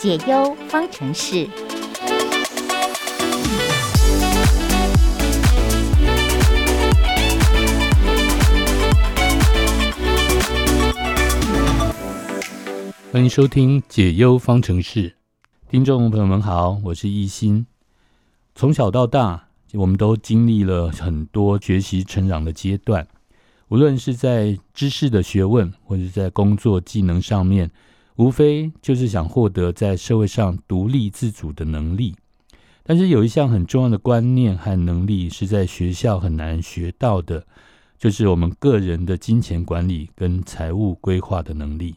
解，解憂方程式，歡迎收聽《解憂方程式》。聽眾朋友們好，我是亦欣。從小到大，我們都經歷了很多學習成長的階段，無論是在知識的學問，或者是在工作技能上面。無非就是想獲得在社會上獨立自主的能力，但是有一項很重要的觀念和能力是在學校很難學到的，就是我們個人的金錢管理跟財務規劃的能力。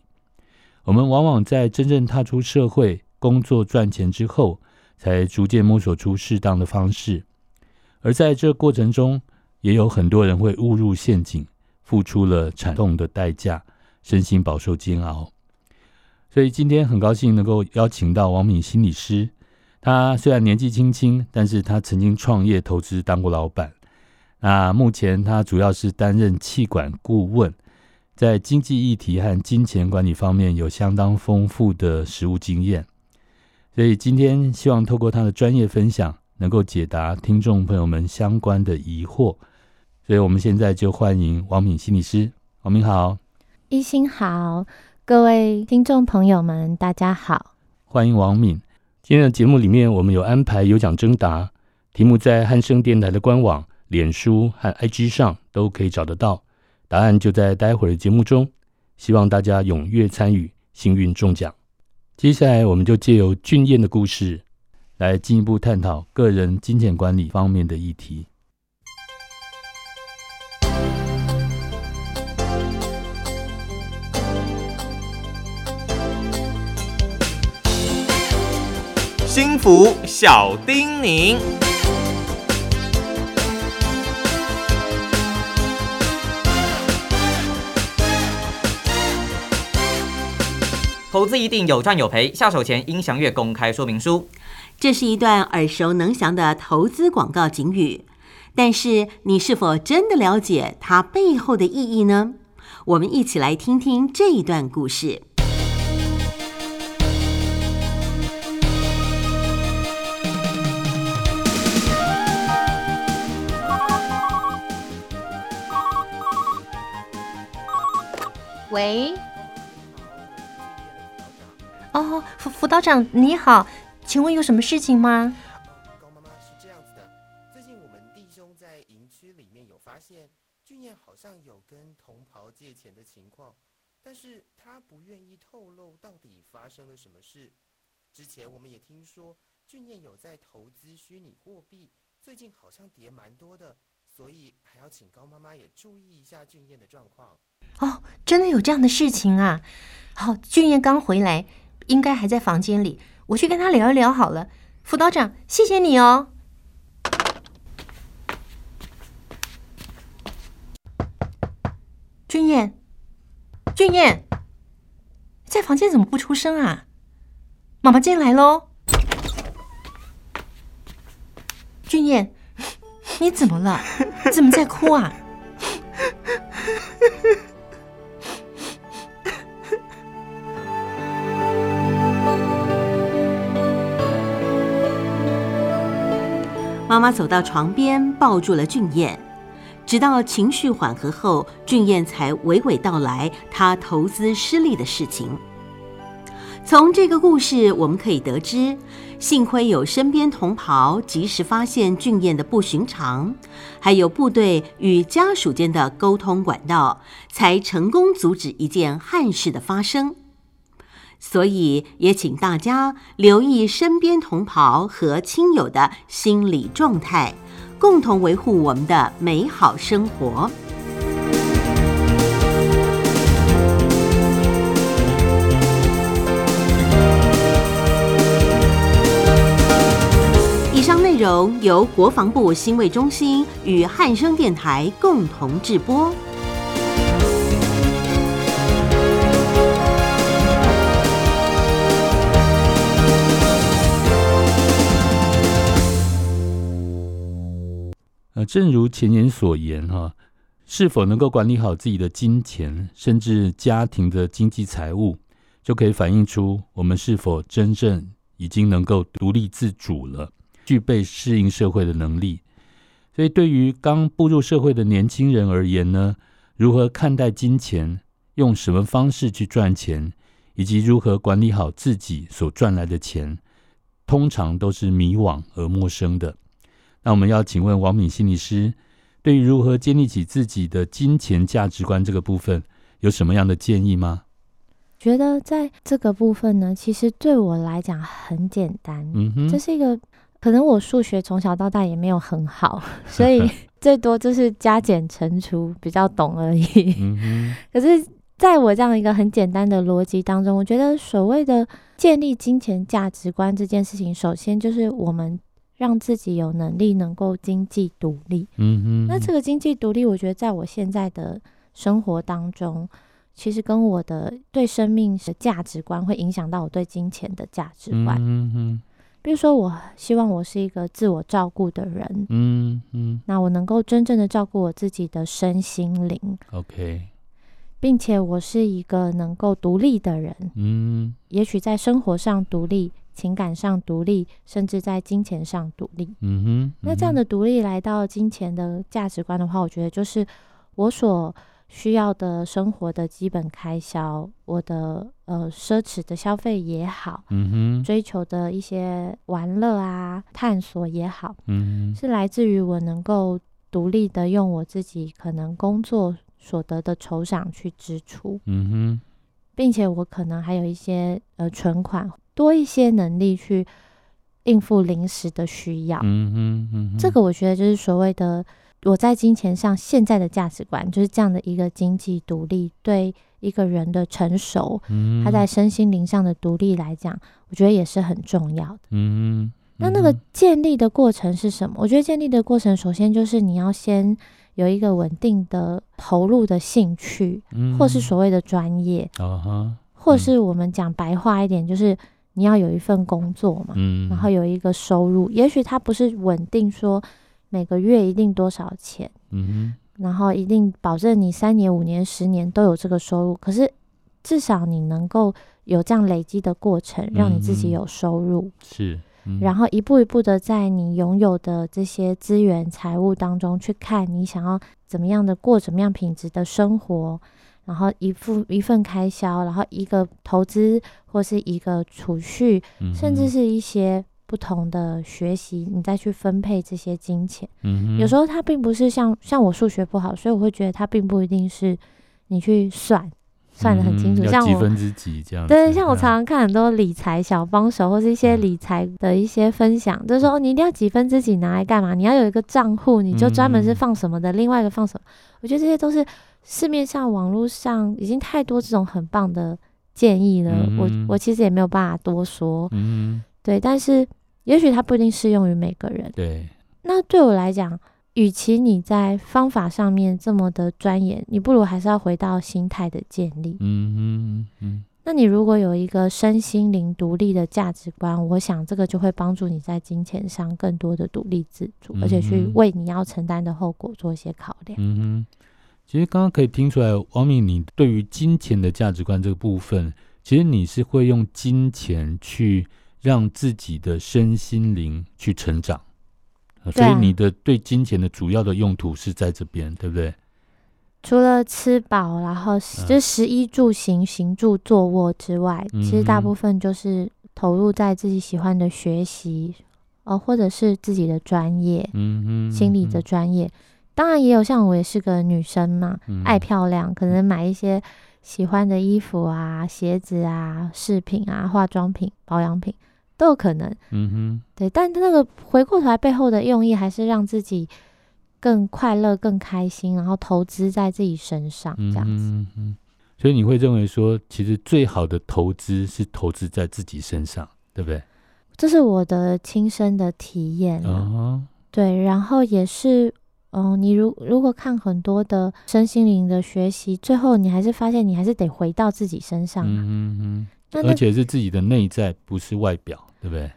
我們往往在真正踏出社會、工作賺錢之後，才逐漸摸索出適當的方式。而在這過程中，也有很多人會誤入陷阱，付出了慘痛的代價，身心飽受煎熬。所以今天很高興能夠邀請到王敏心理師。他雖然年紀輕輕，但是他曾經創業、投資、當過老闆。那目前他主要是擔任企管顧問，在經濟議題和金錢管理方面有相當豐富的實務經驗。所以今天希望透過他的專業分享，能夠解答聽眾朋友們相關的疑惑。所以我們現在就歡迎王敏心理師。王敏好，亦欣好。各位聽眾朋友們，大家好，歡迎王敏。今天的節目裡面，我們有安排有獎徵答，題目在漢聲電臺的官網、臉書和 IG 上都可以找得到，答案就在待會兒的節目中。希望大家踴躍參與，幸運中獎。接下來，我們就借由俊彥的故事來進一步探討個人金錢管理方面的議題。幸福小叮嚀：投資一定有賺有賠，下手前應詳閱公開說明書。這是一段耳熟能詳的投資廣告警語，但是你是否真的了解它背後的意義呢？我們一起來聽聽這一段故事。喂。哦，輔輔導長你好，請問有什麼事情嗎？哦，高媽媽是這樣子的，最近我們弟兄在營區裡面有發現俊彥好像有跟同袍借錢的情況，但是他不願意透露到底發生了什麼事。之前我們也聽說俊彥有在投資虛擬貨幣，最近好像跌蠻多的，所以還要請高媽媽也注意一下俊彥的狀況。哦，真的有這樣的事情啊！好，俊彥剛回來，應該還在房間裡，我去跟他聊一聊好了。輔導長，謝謝你哦。俊彥，俊彥，在房間怎麼不出聲啊？媽媽進來嘍。俊彥，你怎麼了？怎麼在哭啊？ 媽媽走到床邊，抱住了俊彥，直到情緒緩和後，俊彥才娓娓道來他投資失利的事情。從這個故事，我們可以得知，幸虧有身邊同袍及時發現俊彥的不尋常，還有部隊與家屬間的溝通管道，才成功阻止一件憾事的發生。所以，也請大家留意身邊同袍和親友的心理狀態，共同維護我們的美好生活。以上內容由國防部新聞中心與漢聲電台共同制播。正如前言所言，哈，是否能夠管理好自己的金錢，甚至家庭的經濟財務，就可以反映出我們是否真正已經能夠獨立自主了，具備適應社會的能力。所以，對於剛步入社會的年輕人而言呢，如何看待金錢，用什麼方式去賺錢，以及如何管理好自己所賺來的錢，通常都是迷惘而陌生的。那我們要請問王敏心理師，對於如何建立起自己的金錢價值觀這個部分，有什麼樣的建議嗎？覺得在這個部分呢，其實對我來講很簡單，嗯哼，這是一個可能我數學從小到大也沒有很好，所以最多就是加減乘除 比較懂而已，嗯哼，可是，在我這樣一個很簡單的邏輯當中，我覺得所謂的建立金錢價值觀這件事情，首先就是我們。讓自己有能力能夠經濟獨立。嗯哼，那這個經濟獨立，我覺得在我現在的生活當中，其實跟我的對生命的價值觀，會影響到我對金錢的價值觀。嗯哼，比如說，我希望我是一個自我照顧的人。嗯嗯哼，那我能夠真正的照顧我自己的身心靈。OK，並且我是一個能夠獨立的人。嗯哼，也許在生活上獨立，情感上獨立，甚至在金錢上獨立。嗯哼，那這樣的獨立來到金錢的價值觀的話，我覺得就是我所需要的生活的基本開銷，我的呃奢侈的消費也好，嗯哼，追求的一些玩樂啊、探索也好，嗯哼，是來自於我能夠獨立的用我自己可能工作所得的酬賞去支出，嗯哼，並且我可能還有一些呃存款。多一些能力去應付臨時的需要，嗯嗯嗯，這個我覺得就是所謂的我在金錢上現在的價值觀，就是這樣的一個經濟獨立對一個人的成熟，他在身心靈上的獨立來講，我覺得也是很重要的。嗯，那那個建立的過程是什麼？我覺得建立的過程首先就是你要先有一個穩定的投入的興趣，或是所謂的專業，或是我們講白話一點就是。你要有一份工作嘛，嗯、然後有一個收入，也許它不是穩定，說每個月一定多少錢，嗯哼，然後一定保證你三年、五年、十年都有這個收入，可是至少你能夠有這樣累積的過程，嗯哼，讓你自己有收入，是，嗯、然後一步一步的在你擁有的這些資源、財務當中去看，你想要怎麼樣的過，怎麼樣品質的生活。然後一副一份開銷，然後一個投資或是一個儲蓄，嗯、哼甚至是一些不同的學習，你再去分配這些金錢。嗯哼，有時候它並不是像像我數學不好，所以我會覺得它並不一定是你去算、嗯、哼算得很清楚，像我幾分之幾這樣。對，像我常常看很多理財小幫手或是一些理財的一些分享，嗯、哼就是說你一定要幾分之幾拿來幹嘛？你要有一個賬戶，你就專門是放什麼的，嗯、哼另外一個放什麼？我覺得這些都是。市面上、網絡上已經太多這種很棒的建議了，嗯、我我其實也沒有辦法多說。嗯、對，但是也許它不一定適用於每個人。對，那對我來講，與其你在方法上面這麼的鑽研，你不如還是要回到心態的建立。嗯，嗯，嗯，那你如果有一個身心靈獨立的價值觀，我想這個就會幫助你在金錢上更多的獨立自主，嗯、而且去為你要承擔的後果做一些考量。嗯，嗯，嗯。其實剛剛可以聽出來，王敏，你對於金錢的價值觀這個部分，其實你是會用金錢去讓自己的身心靈去成長，啊啊、所以你的對金錢的主要的用途是在這邊，對不對？除了吃飽，然後就食衣住行，啊、行住坐臥之外，其實大部分就是投入在自己喜歡的學習，嗯嗯嗯哦，或者是自己的專業，嗯，嗯，嗯，嗯心理的專業。當然也有像我也是個女生嘛，嗯哼，愛漂亮，可能買一些喜歡的衣服啊、鞋子啊、飾品啊、化妝品、保養品都有可能。嗯哼，對，但那個回過頭來背後的用意還是讓自己更快樂、更開心，然後投資在自己身上這樣子。嗯哼嗯哼，所以你會認為說，其實最好的投資是投資在自己身上，對不對？這是我的親身的體驗。哦，對，然後也是。嗯，oh, 你如如果看很多的身心靈的學習，最後你還是發現你還是得回到自己身上啊。嗯嗯，而且是自己的內在，不是外表，對不對？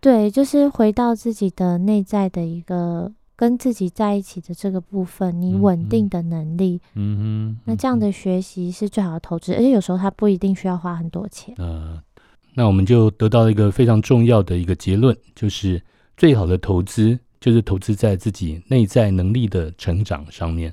對，就是回到自己的內在的一個跟自己在一起的這個部分，你穩定的能力。嗯，那這樣的學習是最好的投資，而且有時候它不一定需要花很多錢。嗯、呃，那我們就得到一個非常重要的一個結論，就是最好的投資。就是投資在自己內在能力的成長上面，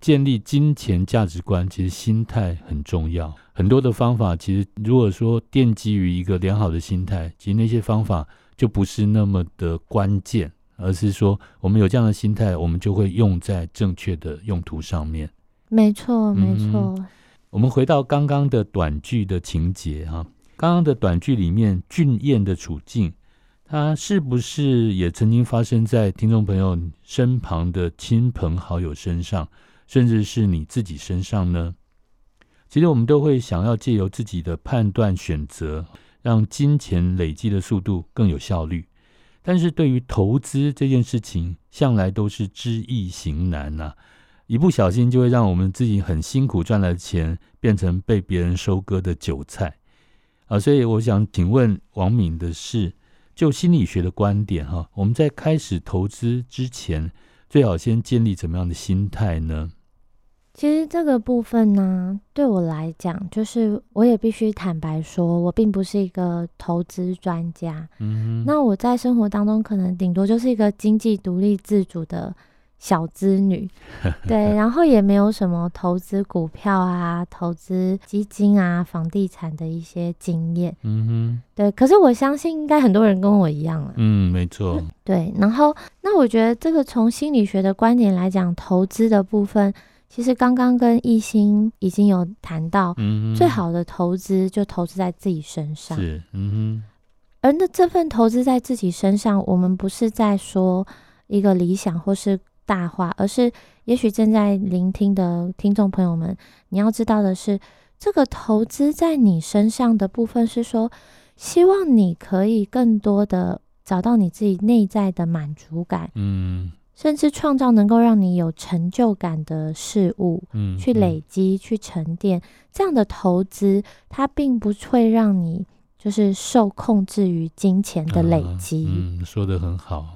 建立金錢價值觀，其實心態很重要。很多的方法，其實如果說奠基於一個良好的心態，其實那些方法就不是那麼的關鍵，而是說我們有這樣的心態，我們就會用在正確的用途上面沒。沒錯，沒錯。嗯，我們回到剛剛的短劇的情節啊，剛剛的短劇裡面俊彥的處境。它是不是也曾經發生在聽眾朋友身旁的親朋好友身上，甚至是你自己身上呢？其實我們都會想要借由自己的判斷選擇，讓金錢累積的速度更有效率。但是對於投資這件事情，向來都是知易行難吶、啊，一不小心就會讓我們自己很辛苦賺來的錢變成被別人收割的韭菜啊！所以我想請問王敏的是。就心理學的觀點哈，我們在開始投資之前，最好先建立怎麼樣的心態呢？其實這個部分呢，對我來講，就是我也必須坦白說，我並不是一個投資專家。嗯哼，那我在生活當中可能頂多就是一個經濟獨立自主的。小資女，對，然後也沒有什麼投資股票啊、 投資基金啊、房地產的一些經驗，嗯哼，對。可是我相信應該很多人跟我一樣了、啊，嗯，沒錯，對。然後，那我覺得這個從心理學的觀點來講，投資的部分，其實剛剛跟亦欣已經有談到，嗯、哼最好的投資就投資在自己身上，是，嗯哼。而那這份投資在自己身上，我們不是在說一個理想或是。大話，而是也許正在聆聽的聽眾朋友們，你要知道的是，這個投資在你身上的部分是說，希望你可以更多的找到你自己內在的滿足感，嗯，甚至創造能夠讓你有成就感的事物，嗯嗯。去累積、去沉澱。這樣的投資，它並不會讓你就是受控制於金錢的累積，啊。嗯，說得很好。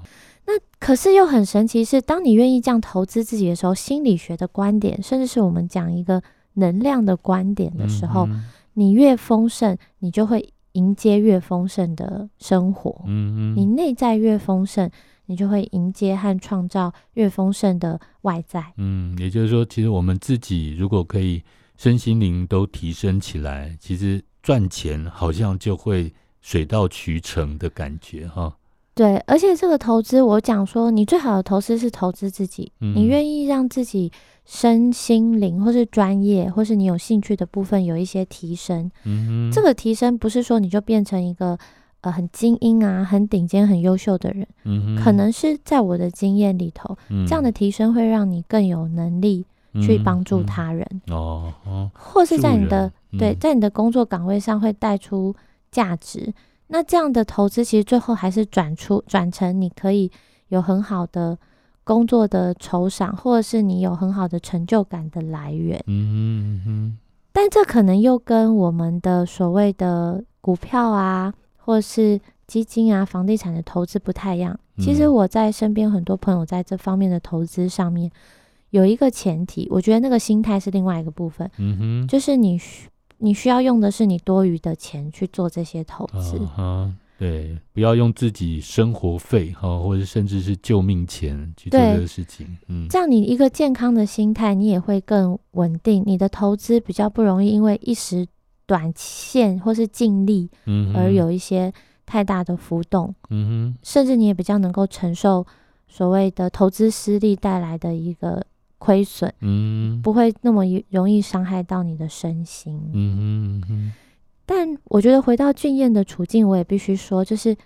那可是又很神奇是，是當你願意這樣投資自己的時候，心理學的觀點，甚至是我們講一個能量的觀點的時候，嗯嗯、你越豐盛，你就會迎接越豐盛的生活。嗯，嗯，你內在越豐盛，你就會迎接和創造越豐盛的外在。嗯，也就是說，其實我們自己如果可以身心靈都提升起來，其實賺錢好像就會水到渠成的感覺哈。對，而且這個投資，我講說，你最好的投資是投資自己。嗯、你願意讓自己身心靈，或是專業，或是你有興趣的部分有一些提升。嗯哼、這個提升不是說你就變成一個呃很精英啊、很頂尖、很優秀的人。嗯哼、可能是在我的經驗裡頭，嗯、這樣的提升會讓你更有能力去幫助他人。嗯嗯、哦，或是在你的、嗯、對，在你的工作崗位上會帶出價值。那這樣的投資，其實最後還是轉出、轉成你可以有很好的工作的酬賞，或者是你有很好的成就感的來源。嗯哼，但這可能又跟我們的所謂的股票啊，或是基金啊、房地產的投資不太一樣。嗯哼，其實我在身邊很多朋友在這方面的投資上面有一個前提，我覺得那個心態是另外一個部分。嗯哼，就是你需。你需要用的是你多餘的錢去做這些投資，嗯、啊，對，不要用自己生活費哈、啊，或者甚至是救命錢去做這個事情，對嗯，這樣你一個健康的心態，你也會更穩定，你的投資比較不容易因為一時短線或是盡力，嗯，而有一些太大的浮動，嗯哼，嗯哼，甚至你也比較能夠承受所謂的投資失利帶來的一個虧損，嗯，不會那麼容易傷害到你的身心，嗯哼嗯哼。但我覺得回到俊彥的處境，我也必須說，就是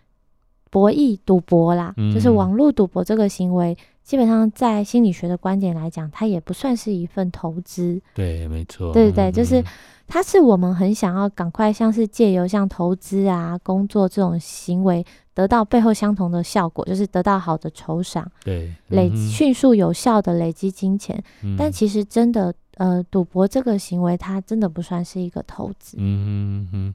博弈、賭博啦，嗯哼，就是網絡賭博這個行為。基本上，在心理學的觀點來講，它也不算是一份投資。對，沒錯。對對、嗯、就是、嗯、它是我們很想要趕快，像是借由像投資啊、工作這種行為，得到背後相同的效果，就是得到好的酬賞。對，嗯、累、嗯、迅速有效的累積金錢。嗯、但其實真的，呃，賭博這個行為，它真的不算是一個投資。嗯哼、嗯嗯、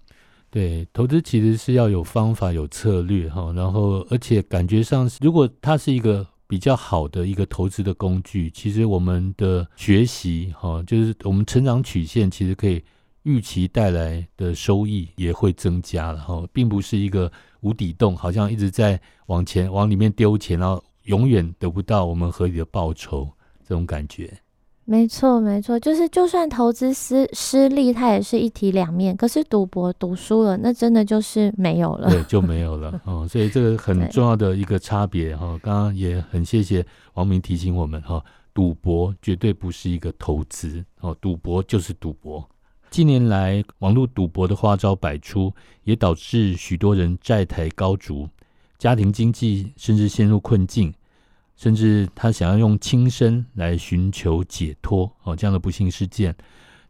對，投資其實是要有方法、有策略哈。然後，而且感覺上是，如果它是一個。比較好的一個投資的工具，其實我們的學習哈，就是我們成長曲線，其實可以預期帶來的收益也會增加了哈，然後並不是一個無底洞，好像一直在往前往裡面丟錢，然後永遠得不到我們合理的報酬這種感覺。沒錯，沒錯，就是就算投資失失利，它也是一體兩面。可是賭博賭輸了，那真的就是沒有了，對，就沒有了，哦，所以這個很重要的一個差別哈，哦，剛剛也很謝謝王敏提醒我們哈，哦，賭博絕對不是一個投資哦，賭博就是賭博。近年來，網絡賭博的花招百出，也導致許多人債台高築，家庭經濟甚至陷入困境。甚至他想要用輕生來尋求解脫哦，這樣的不幸事件。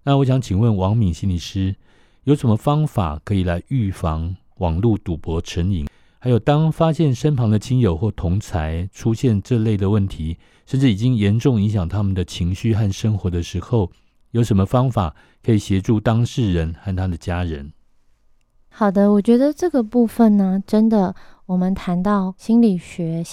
那我想請問王敏心理師，有什麼方法可以來預防網絡賭博成癮？還有，當發現身旁的親友或同儕出現這類的問題，甚至已經嚴重影響他們的情緒和生活的時候，有什麼方法可以協助當事人和他的家人？好的，我覺得這個部分呢，真的，我們談到心理學。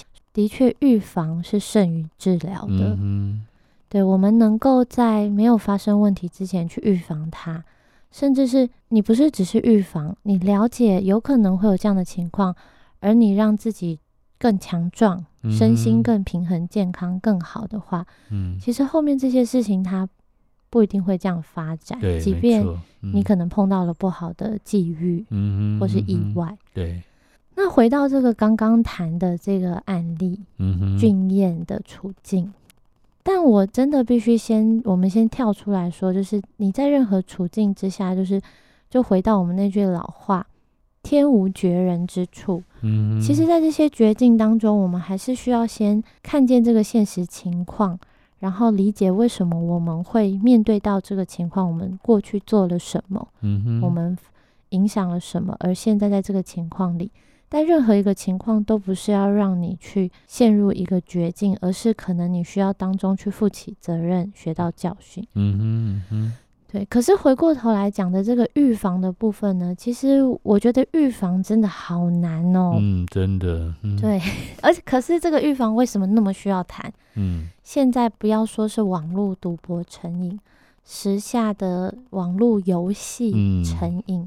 的確，預防是勝於治療的。嗯、哼對，我們能夠在沒有發生問題之前去預防它，甚至是你不是只是預防，你了解有可能會有這樣的情況，而你讓自己更強壯，嗯、哼身心更平衡、健康更好的話，嗯、其實後面這些事情它不一定會這樣發展。對即便你可能碰到了不好的際遇，嗯、哼或是意外，嗯、對。那回到這個剛剛談的這個案例，嗯哼，俊彥的處境，但我真的必須先，我們先跳出來說，就是你在任何處境之下，就是就回到我們那句老話，“天無絕人之處”，嗯哼。嗯，其實，在這些絕境當中，我們還是需要先看見這個現實情況，然後理解為什麼我們會面對到這個情況，我們過去做了什麼，嗯哼，我們影響了什麼，而現在在這個情況裡。但任何一個情況都不是要讓你去陷入一個絕境，而是可能你需要當中去負起責任，學到教訓。嗯，嗯哼哼，對。可是回過頭來講的這個預防的部分呢，其實我覺得預防真的好難哦、喔。嗯，真的。嗯，對，而且可是這個預防為什麼那麼需要談？嗯，現在不要說是網絡賭博成癮。時下的網絡遊戲成癮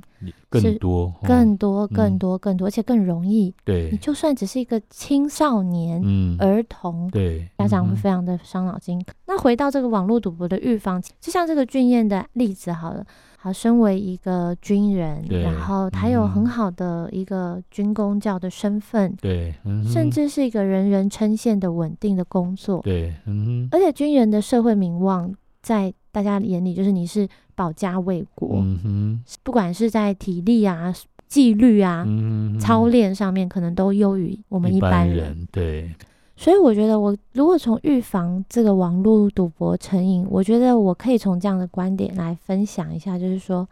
更多、更多、更多,更,多更多、更多、嗯，而且更容易。對，你就算只是一個青少年、嗯、兒童，對，家長會非常的傷腦筋。嗯、哼那回到這個網絡賭博的預防，就像這個俊彥的例子，好了，好，身為一個軍人，對然後他有很好的一個軍公教的身份，對，嗯、甚至是一個人人稱羨的穩定的工作，對，嗯、而且軍人的社會名望在。大家眼裡就是你是保家衛國，嗯、哼不管是在體力啊、紀律啊、嗯、哼操練上面，可能都優於我們一般人。一般人，對，所以我覺得，我如果從預防這個網絡賭博成癮，我覺得我可以從這樣的觀點來分享一下，就是說，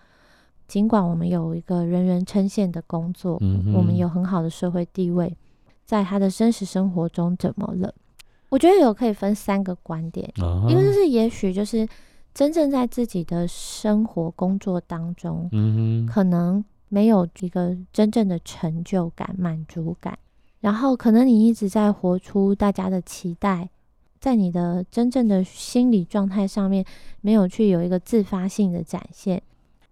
儘管我們有一個人人稱羨的工作，嗯、哼我們有很好的社會地位，在他的真實生活中怎麼了？我覺得有可以分三個觀點，一個、啊、哈就是也許就是。真正在自己的生活、工作當中，嗯哼，可能沒有一個真正的成就感、滿足感，然後可能你一直在活出大家的期待，在你的真正的心理狀態上面，沒有去有一個自發性的展現，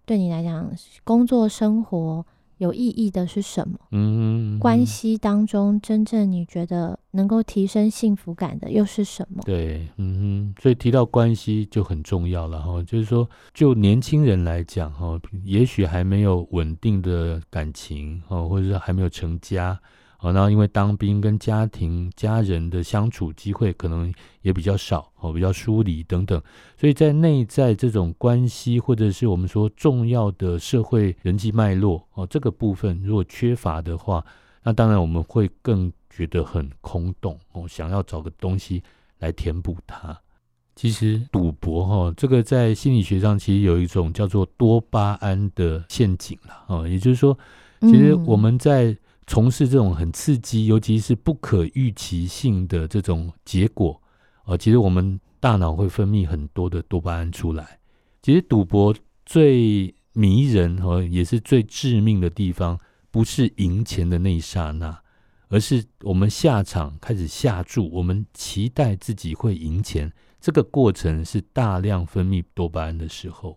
對你來講，工作、生活。有意義的是什麼？嗯哼，嗯哼，關係當中真正你覺得能夠提升幸福感的又是什麼？對，嗯哼，所以提到關係就很重要了哈。就是說，就年輕人來講哈，也許還沒有穩定的感情哦，或者是還沒有成家。然後因為當兵跟家庭、家人的相處機會可能也比較少，哦，比較疏離等等，所以在內在這種關係或者是我們說重要的社會人際脈絡，哦，這個部分如果缺乏的話，那當然我們會更覺得很空洞，哦，想要找個東西來填補它。其實賭博，哈，哦，這個在心理學上其實有一種叫做多巴胺的陷阱，哦，也就是說，其實我們在、嗯。從事這種很刺激，尤其是不可預期性的這種結果，啊，其實我們大腦會分泌很多的多巴胺出來。其實賭博最迷人和也是最致命的地方，不是贏錢的那一剎那，而是我們下場開始下注，我們期待自己會贏錢，這個過程是大量分泌多巴胺的時候。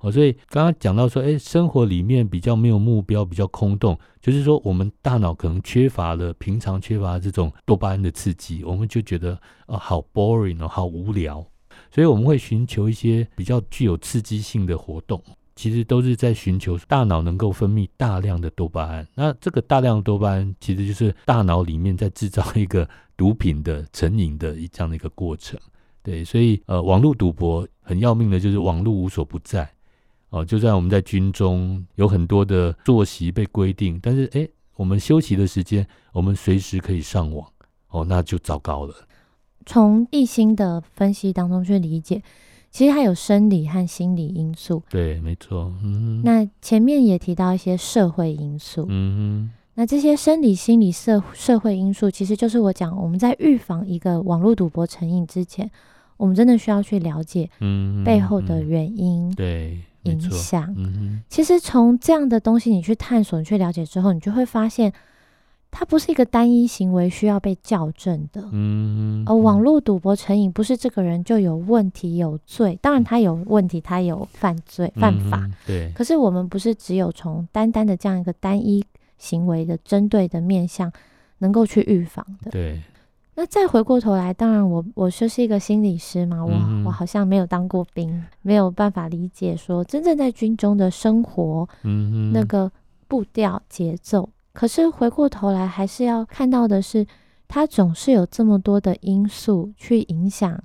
哦，所以剛剛講到說，哎，生活裡面比較沒有目標，比較空洞，就是說我們大腦可能缺乏了平常缺乏這種多巴胺的刺激，我們就覺得，啊，好 boring 哦，好無聊，所以我們會尋求一些比較具有刺激性的活動，其實都是在尋求大腦能夠分泌大量的多巴胺。那這個大量多巴胺其實就是大腦裡面在製造一個毒品的成癮的一這樣的一個過程。對，所以呃，網絡賭博很要命的就是網絡無所不在。哦，就在我們在軍中有很多的作息被規定，但是誒、欸，我們休息的時間，我們隨時可以上網，哦，那就糟糕了。從亦欣的分析當中去理解，其實它有生理和心理因素。對，沒錯。嗯。那前面也提到一些社會因素。嗯哼那這些生理、心理社、社社會因素，其實就是我講，我們在預防一個網絡賭博成癮之前，我們真的需要去了解背後的原因。嗯、對。影響，嗯哼，其實從這樣的東西你去探索、你去了解之後，你就會發現，它不是一個單一行為需要被校正的，嗯哼，而網絡賭博成癮不是這個人就有問題、有罪，當然他有問題，嗯哼，他有犯罪、嗯哼，犯法，嗯哼，對。可是我們不是只有從單單的這樣一個單一行為的針對的面向，能夠去預防的，對。那再回過頭來，當然我我就是一個心理師嘛，嗯、哼我我好像沒有當過兵，沒有辦法理解說真正在軍中的生活，嗯哼那個步調節奏。可是回過頭來，還是要看到的是，它總是有這麼多的因素去影響。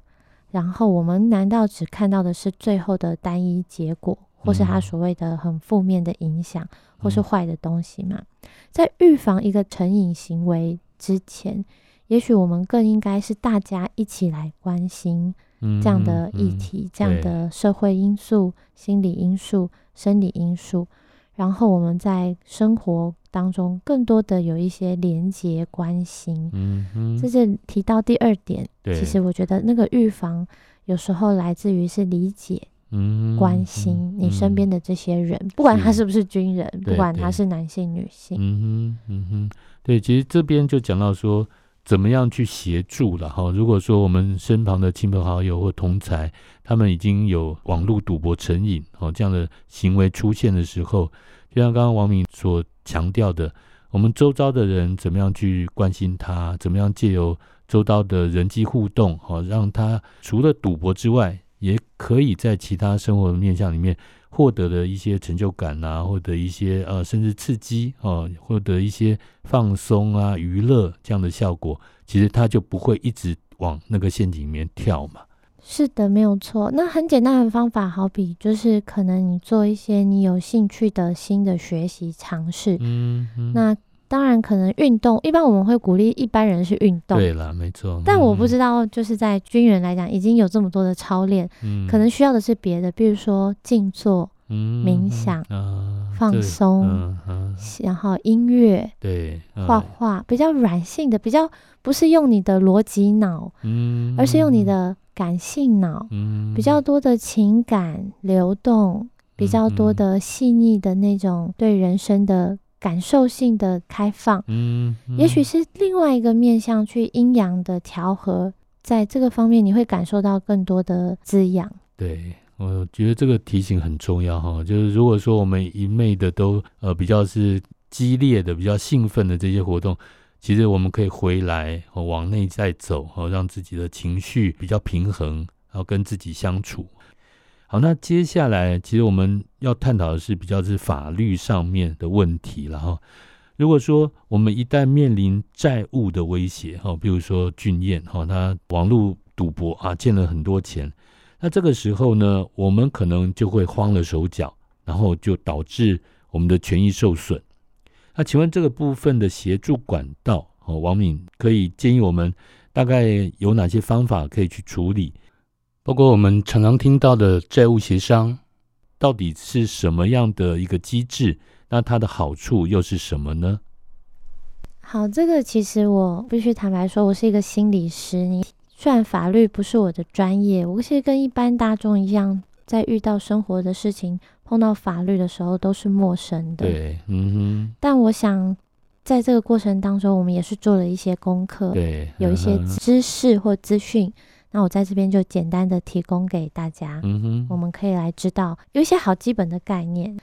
然後我們難道只看到的是最後的單一結果，或是他所謂的很負面的影響，嗯、哼或是壞的東西嗎？在預防一個成癮行為之前。也許我們更應該是大家一起來關心這樣的議題，嗯嗯、這樣的社會因素、心理因素、生理因素，然後我們在生活當中更多的有一些連接關心。嗯嗯，嗯這是提到第二點。對其實我覺得那個預防有時候來自於是理解、嗯、關心你身邊的這些人，嗯、不管他是不是軍人，是不管他是男性女性。嗯哼，嗯哼、嗯嗯，對，其實這邊就講到說。怎麼樣去協助了？好，如果說我們身旁的親朋好友或同儕，他們已經有網絡賭博成癮哦，這樣的行為出現的時候，就像剛剛王敏所強調的，我們周遭的人怎麼樣去關心他，怎麼樣藉由周遭的人際互動，好讓他除了賭博之外，也可以在其他生活的面向裡面。獲得的一些成就感啊，獲得一些呃，甚至刺激、呃、或獲得一些放鬆啊、娛樂這樣的效果，其實他就不會一直往那個陷阱裡面跳嘛。是的，沒有錯。那很簡單的方法，好比就是可能你做一些你有興趣的新的學習嘗試，嗯嗯哼，那。當然，可能運動，一般我們會鼓勵一般人去運動。對了，沒錯。但我不知道，就是在軍人來講，已經有這麼多的操練，嗯，可能需要的是別的，比如說靜坐、嗯，冥想、放鬆，然後音樂，對，畫畫，比較軟性的，比較不是用你的邏輯腦，而是用你的感性腦，比較多的情感流動，比較多的細膩的那種對人生的。感受性的開放，嗯，嗯，也許是另外一個面向，去陰陽的調和，在這個方面你會感受到更多的滋養。對，我覺得這個提醒很重要哈，就是如果說我們一味的都呃比較是激烈的、比較興奮的這些活動，其實我們可以回來往內在走，然後讓自己的情緒比較平衡，然後跟自己相處。好，那接下來其實我們要探討的是比較是法律上面的問題了哈。如果說我們一旦面臨債務的威脅哈，比如說俊彥哈，他網絡賭博啊欠了很多錢，那這個時候呢，我們可能就會慌了手腳，然後就導致我們的權益受損。那請問這個部分的協助管道，王敏可以建議我們大概有哪些方法可以去處理？包括我們常常聽到的債務協商，到底是什麼樣的一個機制？那它的好處又是什麼呢？好，這個其實我必須坦白說，我是一個心理師，你雖然法律不是我的專業，我其實跟一般大眾一樣，在遇到生活的事情、碰到法律的時候都是陌生的。對，嗯哼。但我想在這個過程當中，我們也是做了一些功課，對，有一些知識或資訊。嗯那我在這邊就簡單的提供給大家，嗯、哼我們可以來知道有一些好基本的概念。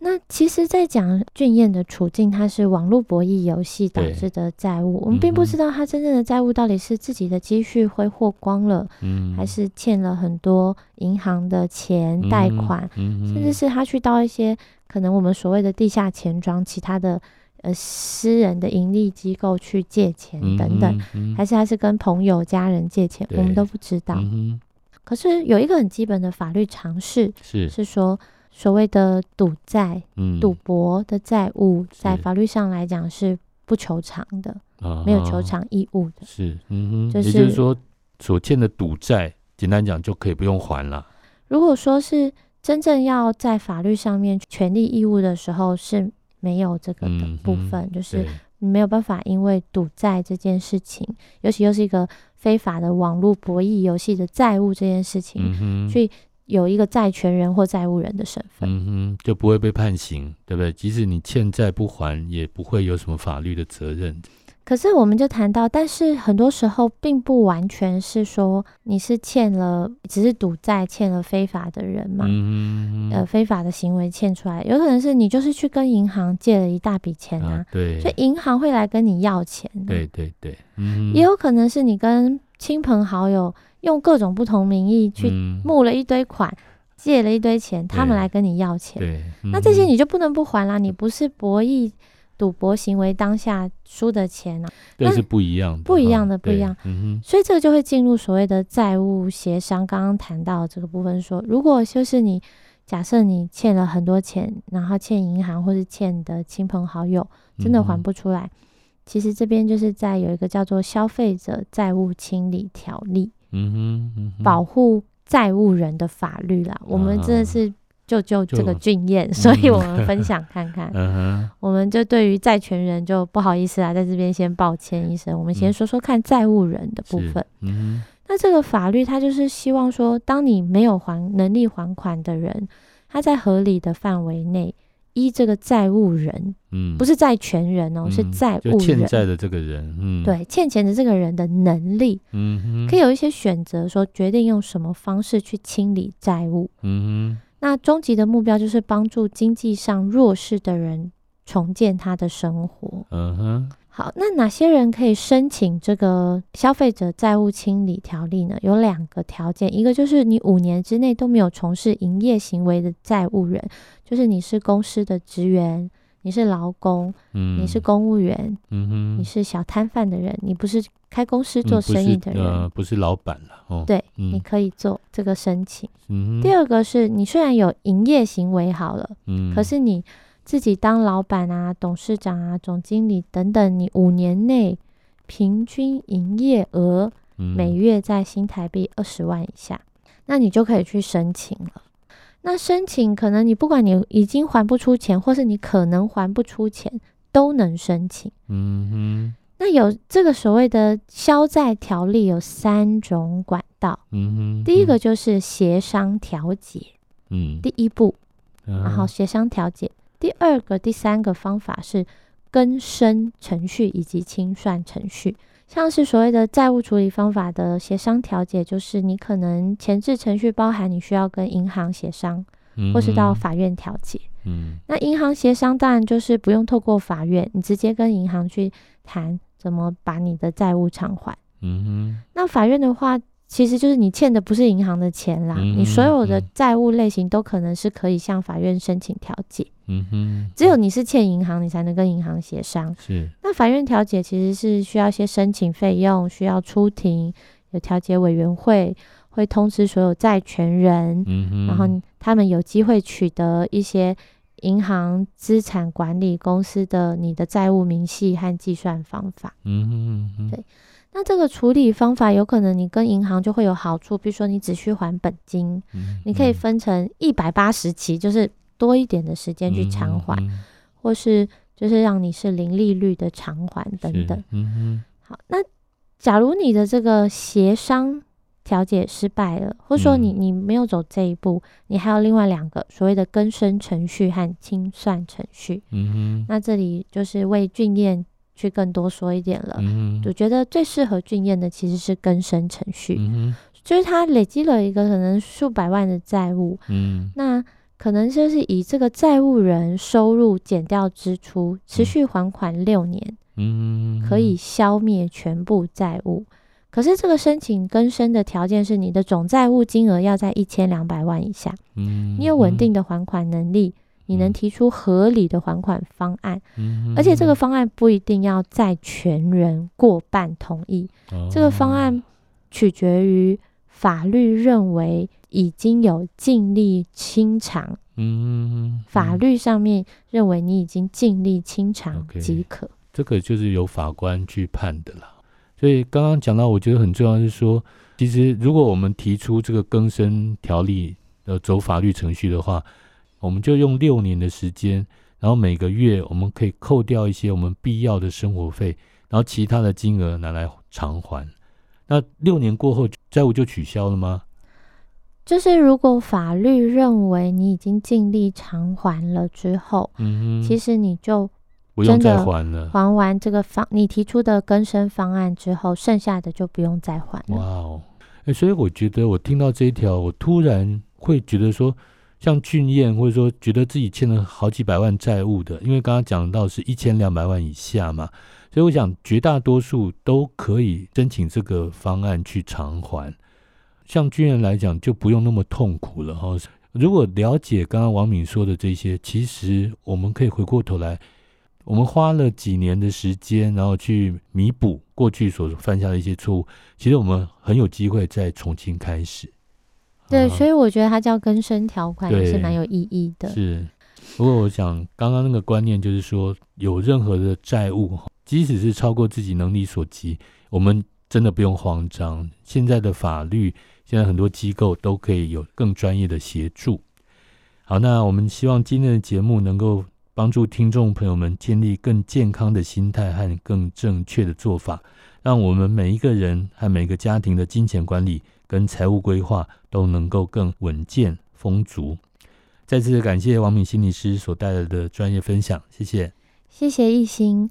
那其實，在講俊彥的處境，他是網絡博弈遊戲導致的債務，對我們並不知道他真正的債務到底是自己的積蓄揮霍光了，嗯、哼還是欠了很多銀行的錢、嗯、哼貸款，嗯、哼甚至是他去到一些可能我們所謂的地下錢莊，其他的。呃，私人的盈利機構去借錢等等，嗯嗯嗯、還是還是跟朋友家人借錢，對我們都不知道。嗯、可是有一個很基本的法律常識是，是說所謂的賭債、嗯、賭博的債務，是在法律上來講是不求償的，哦、沒有求償義務的。是，嗯哼，嗯就是、也就是說所欠的賭債，簡單講就可以不用還了。如果說是真正要在法律上面權利義務的時候是。沒有這個的部分，嗯、哼就是沒有辦法，因為賭債這件事情，對尤其又是一個非法的網絡博弈遊戲的債務這件事情，嗯、哼去有一個債權人或債務人的身份、嗯，就不會被判刑，對不對？即使你欠債不還，也不會有什麼法律的責任。可是我們就談到，但是很多時候並不完全是說你是欠了，只是賭債欠了非法的人嘛，嗯、哼呃，非法的行為欠出來，有可能是你就是去跟銀行借了一大筆錢啊，啊，對，所以銀行會來跟你要錢，對對對，嗯、也有可能是你跟親朋好友用各種不同名義去募了一堆款，嗯、哼借了一堆錢，對他們來跟你要錢，對，嗯、那這些你就不能不還啦，你不是博弈，賭博行為當下輸的錢呢、啊，對那是不一樣的，不一樣的，不一樣。嗯、所以這個就會進入所謂的債務協商。剛剛談到這個部分說，說如果就是你，假設你欠了很多錢，然後欠銀行或是欠的親朋好友，真的還不出來，嗯、哼其實這邊就是在有一個叫做消費者債務清理條例嗯，嗯哼，保護債務人的法律啦。哇我們真的是。就就這個經驗，就所以我們分享看看。嗯、呵呵我們就對於債權人就不好意思啊，在這邊先抱歉一聲，我們先說說看債務人的部分。嗯、那這個法律它就是希望說，當你沒有還能力還款的人，他在合理的範圍內依這個債務人，嗯、不是債權人哦、喔，嗯、是債務人欠債的這個人。嗯、對，欠錢的這個人的能力，嗯、哼可以有一些選擇，說決定用什麼方式去清理債務。嗯那終極的目標就是幫助經濟上弱勢的人重建他的生活。嗯哼、uh。Huh. 好，那哪些人可以申請這個消費者債務清理條例呢？有兩個條件，一個就是你五年之內都沒有從事營業行為的債務人，就是你是公司的職員。你是勞工，嗯、你是公務員，嗯、哼你是小攤販的人，你不是開公司做生意的人，嗯、呃，不是老闆了哦。對，嗯、你可以做這個申請。嗯、哼第二個是，你雖然有營業行為好了，嗯、哼可是你自己當老闆啊、董事長啊、總經理等等，你五年內平均營業額每月在新台幣二十萬以下，嗯、哼那你就可以去申請了。那申請可能你不管你已經還不出錢，或是你可能還不出錢，都能申請。嗯哼。那有這個所謂的消債條例，有三種管道。嗯哼。第一個就是協商調解。嗯。第一步，然後協商調解。第二個、第三個方法是更生程序以及清算程序。像是所謂的債務處理方法的協商調解，就是你可能前置程序包含你需要跟銀行協商，嗯哼，或是到法院調解。嗯，那銀行協商當然就是不用透過法院，你直接跟銀行去談怎麼把你的債務償還。嗯哼，那法院的話。其實就是你欠的不是銀行的錢啦，嗯嗯，你所有的債務類型都可能是可以向法院申請調解。嗯、哼只有你是欠銀行，你才能跟銀行協商。是，那法院調解其實是需要一些申請費用，需要出庭，有調解委員會會通知所有債權人，嗯、哼然後他們有機會取得一些銀行資產管理公司的你的債務明細和計算方法。嗯哼嗯哼，對。那這個處理方法有可能你跟銀行就會有好處，比如說你只需還本金，嗯嗯、你可以分成一百八十期，就是多一點的時間去償還，嗯嗯、或是就是讓你是零利率的償還等等。嗯、好，那假如你的這個協商調解失敗了，或者說你你沒有走這一步，嗯、你還有另外兩個所謂的更生程序和清算程序。嗯、哼那這裡就是為訓練。去更多說一點了，嗯、哼我覺得最適合俊彥的其實是更生程序，嗯、哼就是他累積了一個可能數百萬的債務，嗯，那可能就是以這個債務人收入減掉支出，持續還款六年，嗯，可以消滅全部債務。嗯、哼可是這個申請更生的條件是你的總債務金額要在一千兩百萬以下，嗯哼，你有穩定的還款能力，你能提出合理的還款方案，嗯、哼哼，而且這個方案不一定要債權人過半同意，嗯、哼哼，這個方案取決於法律認為已經有盡力清償。嗯哼哼，法律上面認為你已經盡力清償即可。嗯、哼哼 okay, 這個就是由法官去判的啦。所以剛剛講到，我覺得很重要的是說，其實如果我們提出這個更生條例呃走法律程序的話。我們就用六年的時間，然後每個月我們可以扣掉一些我們必要的生活費，然後其他的金額拿來償還。那六年過後債務就取消了嗎？就是如果法律認為你已經盡力償還了之後，嗯哼，其實你就不用再還了。還完這個方，你提出的更生方案之後，剩下的就不用再還了。哇哦、wow. 欸！所以我覺得我聽到這一條，我突然會覺得說。像俊彥或者說，覺得自己欠了好幾百萬債務的，因為剛剛講到是一千兩百萬以下嘛，所以我想絕大多數都可以申請這個方案去償還。像俊彥來講，就不用那麼痛苦了哈。如果了解剛剛王敏說的這些，其實我們可以回過頭來，我們花了幾年的時間，然後去彌補過去所犯下的一些錯誤，其實我們很有機會再重新開始。對，所以我覺得它叫更生條款，也是蠻有意義的，啊。是，不過我想剛剛那個觀念就是說，有任何的債務，即使是超過自己能力所及，我們真的不用慌張。現在的法律，現在很多機構都可以有更專業的協助。好，那我們希望今天的節目能夠幫助聽眾朋友們建立更健康的心態和更正確的做法，讓我們每一個人和每個家庭的金錢管理跟財務規劃都能夠更穩健豐足。再次感謝王敏心理師所帶來的專業分享，謝謝，謝謝亦欣。